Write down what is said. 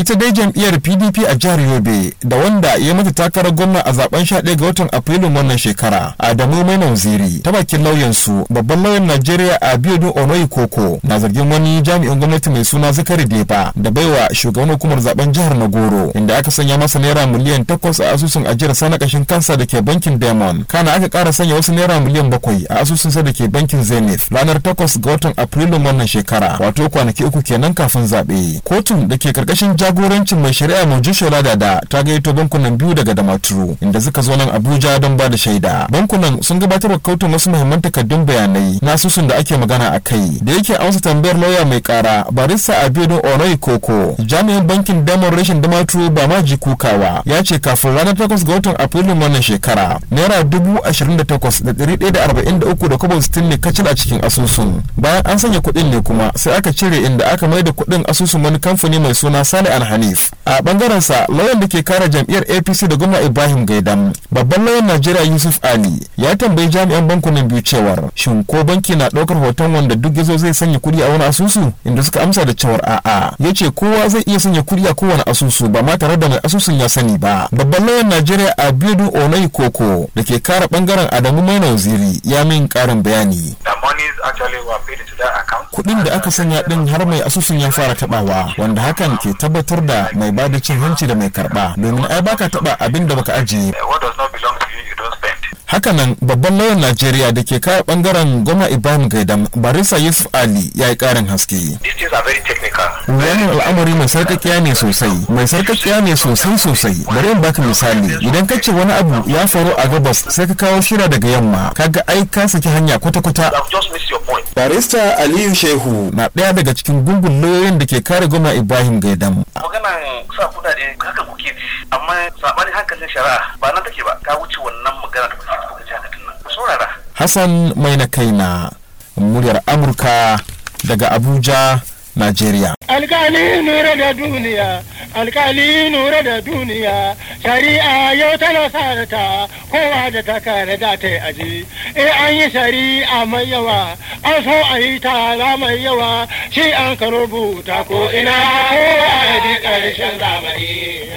ita dai jam'iyyar pdp a jihar yobe da wanda ya mata takarar gwamna a zaben sha ga watan afrilun wannan shekara adamu mai nauziri ta bakin lauyansu babban lauyan najeriya a biyodun onoyi koko na zargin wani jami'in gwamnati mai suna zakari deba da baiwa shugaban hukumar zaben jihar nagoro inda aka sanya masa naira miliyan takwas a asusun ajiyar sana kashin kansa da ke bankin diamond kana aka kara sanya wasu naira miliyan bakwai a asusun sa da ke bankin zenith ranar takwas ga watan afrilun wannan shekara wato kwanaki uku kenan kafin zaɓe kotun da ke karkashin jagorancin mai shari'a mai jushola da ta gaito bankunan biyu daga damaturu inda suka zo nan abuja don ba da shaida bankunan sun gabatar da kautun wasu muhimman takardun bayanai na asusun da ake magana a kai da yake amsa tambayar lauya mai kara barista abiodun onoyi koko jami'in bankin damar rashin damaturu ba ma ji kukawa ya ce kafin ranar takwas ga watan afrilun wannan shekara naira dubu ashirin da takwas da ɗari ɗaya da arba'in da uku da kwabo sittin ne kacal a cikin asusun bayan an sanya kuɗin ne kuma sai aka cire inda aka mai da kuɗin asusun wani kamfani mai suna sana sale alhanif a bangaren sa lauyan da ke kare jam'iyyar apc da gwamna ibrahim gaidam babban lauyan najeriya yusuf ali ya tambayi jami'an bankunan biyu cewar shin ko banki na ɗaukar hoton wanda duk yazo zai sanya kuɗi a wani asusu inda suka amsa da cewar a'a ya ce kowa zai iya sanya kuɗi a kowane asusu ba ma tare da mai asusun ya sani ba babban lauyan najeriya abiodun onayi koko da ke kare bangaren adamu maina waziri ya min karin bayani Kuɗin da aka sanya ɗin har mai asusun ya fara taɓawa wanda hakan ke tabbatar da mai bada cin hanci da mai karɓa domin ai baka taba abin da baka ajiye. Eh, hakanan babban lauyan najeriya da ke kawo bangaren goma ibrahim gaidam barisa yusuf ali ya yi karin haske wani al'amari mai sarkakiya ne sosai mai sarkakiya ne sosai sosai bari in baka misali idan ka ce wani abu ya faru a gabas sai ka kawo shira daga yamma kaga ai ka saki hanya kwata-kwata barista aliyu shehu na ɗaya daga cikin gungun lauyoyin da ke kare goma ibrahim gaidam maganan sa amma saɓanin hankalin shari'a ba nan take ba ka wuce wannan magana da kuke hassan mai na na muryar amurka daga abuja Najeriya. Alkali nura da duniya, alkali nura da duniya, shari'a yau tana sa ta kowa da ta kare da ta aji. Eh an yi shari'a mai yawa, an so a yi tara mai yawa, shi an ka rubuta ko ina kowa a ji ƙarshen zamani.